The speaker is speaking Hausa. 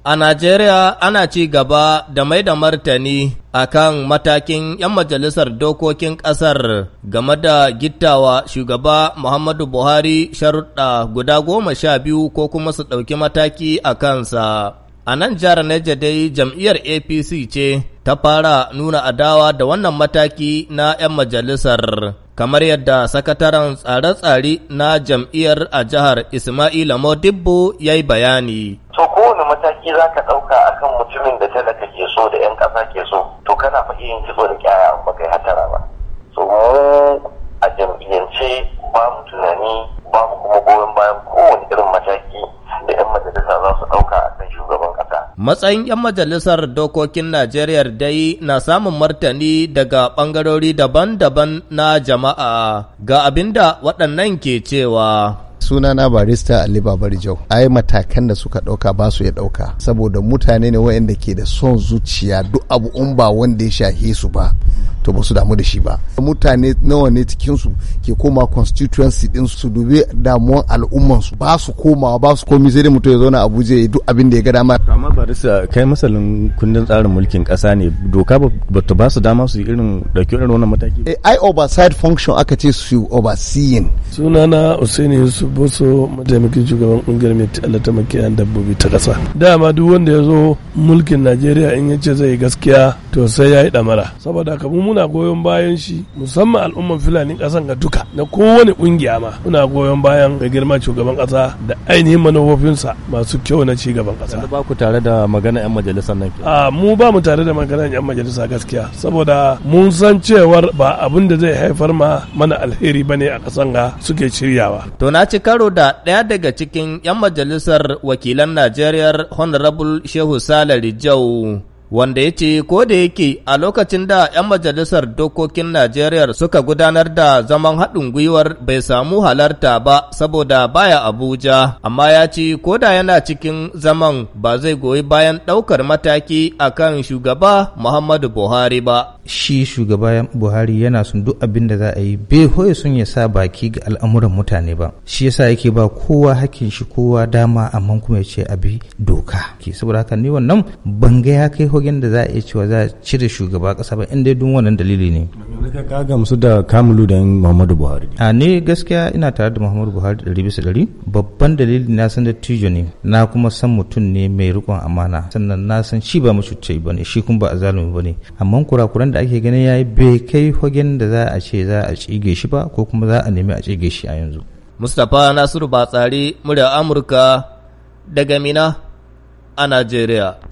A Najeriya ana ci gaba da mai da martani a kan matakin 'yan majalisar dokokin ƙasar game da gittawa shugaba Muhammadu Buhari sharuɗa guda goma sha biyu ko kuma su ɗauki mataki a kansa. A nan jihar Neja dai jam'iyyar APC ce ta fara nuna adawa da wannan mataki na 'yan majalisar. kamar yadda sakataren tsare-tsare na jam'iyyar a jihar Ismaila Modibbo ya yi bayani. mataki za ka ɗauka akan mutumin da talaka ke so da 'yan ƙasa ke so to kana fa yin kitso da kyaya ba kai hatara ba so mu a jam'iyyance ba mu tunani ba mu kuma goyon bayan kowane irin mataki da 'yan majalisa za su ɗauka akan shugaban ƙasa. Matsayin 'yan majalisar dokokin Najeriya dai na samun martani daga ɓangarori daban-daban na jama'a ga abinda waɗannan ke cewa. sunana barista Ali Babar Jau ai matakan da suka ɗauka ba su ya ɗauka saboda mutane ne waɗanda ke da son zuciya duk abu ba wanda ya shahe su ba to ba su damu da shi ba mutane nawa ne cikin su ke koma constituency din su dubi damuwan al'umman su ba su komawa ba su komi sai dai mutum ya zauna Abuja ya duk abin da ya ga dama amma barisa kai masalin kundin tsarin mulkin kasa ne doka ba ta ba su dama su irin dauki irin wannan mataki ba eh, i oversight function aka ce su overseeing sunana Usaini Yusuf Boso mataimakin shugaban kungiyar mai tallata makiyayan dabbobi ta kasa dama duk wanda ya zo mulkin Najeriya in ya ce zai gaskiya to sai ya yi damara saboda kamar muna goyon bayan shi musamman al'umman Fulani kasan ga duka na kowane kungiya ma muna goyon bayan mai girma shugaban kasa da ainihin manufofinsa masu kyau na cigaban gaban kasa. Ba ku tare da magana 'yan majalisa nan ke? mu ba mu tare da magana 'yan majalisa gaskiya saboda mun san cewar ba abin da zai haifar ma mana alheri bane a kasan ga suke shiryawa. To na ci karo da ɗaya daga cikin 'yan majalisar wakilan Najeriya Honorable Shehu Salari Jau wanda ya ce ko da yake a lokacin da 'yan majalisar dokokin Najeriya suka gudanar da zaman haɗin gwiwar bai samu halarta ba saboda baya Abuja, amma ya ce ko da yana cikin zaman ba zai goyi bayan ɗaukar mataki a kan shugaba Muhammadu Buhari ba. Shi shugaba Buhari yana sun duk abin da za a yi bai hoye sun ya sa baki ga al'amuran mutane ba. Shi yasa yake ba kowa hakkin shi kowa dama amma kuma ya ce abi doka. Saboda haka ni wannan ban ga ya kai fagen da za a iya cewa za a cire shugaba kasa ba inda duk wannan dalili ne. ka gamsu da kamulu da muhammadu buhari. a ne gaskiya ina tare da muhammadu buhari ɗari bisa ɗari babban dalili na san da tijo ne na kuma san mutum ne mai riƙon amana sannan na san shi ba mucuce ba ne shi kuma ba a zalumi ba ne amma kurakuran da ake ganin ya yi bai kai fagen da za a ce za a cige shi ba ko kuma za a nemi a cige shi a yanzu. mustapha nasiru batsari murya amurka daga mina a najeriya.